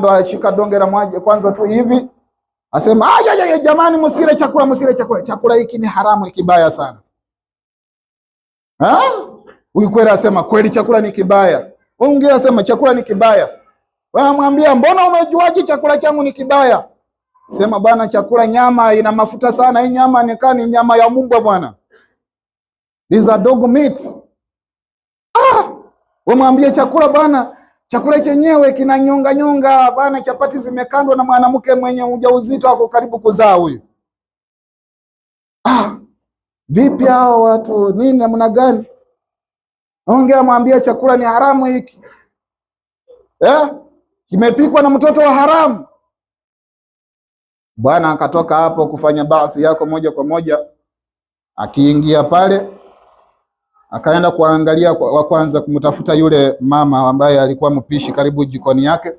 ndo ashika donge la mwaje kwanza tu hivi, asema aya ya, jamani, msile chakula, msile chakula, chakula hiki ni haramu, ni kibaya sana. Huyu kweli asema kweli, chakula ni kibaya. Unge asema chakula ni kibaya. Wewe Wamwambia, mbona umejuaje chakula changu ni kibaya? Sema bwana, chakula nyama ina mafuta sana, hii nyama ni kani nyama ya mumbwa bwana, these are dog meat. Ah, Wewe mwambie chakula bwana Chakula chenyewe kina nyonga nyonga bana, chapati zimekandwa na mwanamke mwenye ujauzito ako karibu kuzaa huyu. Ah, vipi hao watu nini, namna gani? Ongea mwambie chakula ni haramu hiki eh? Kimepikwa na mtoto wa haramu. Bwana akatoka hapo kufanya baadhi yako moja kwa moja, akiingia pale Akaenda kuangalia wa kwanza kumtafuta yule mama ambaye alikuwa mpishi karibu jikoni yake.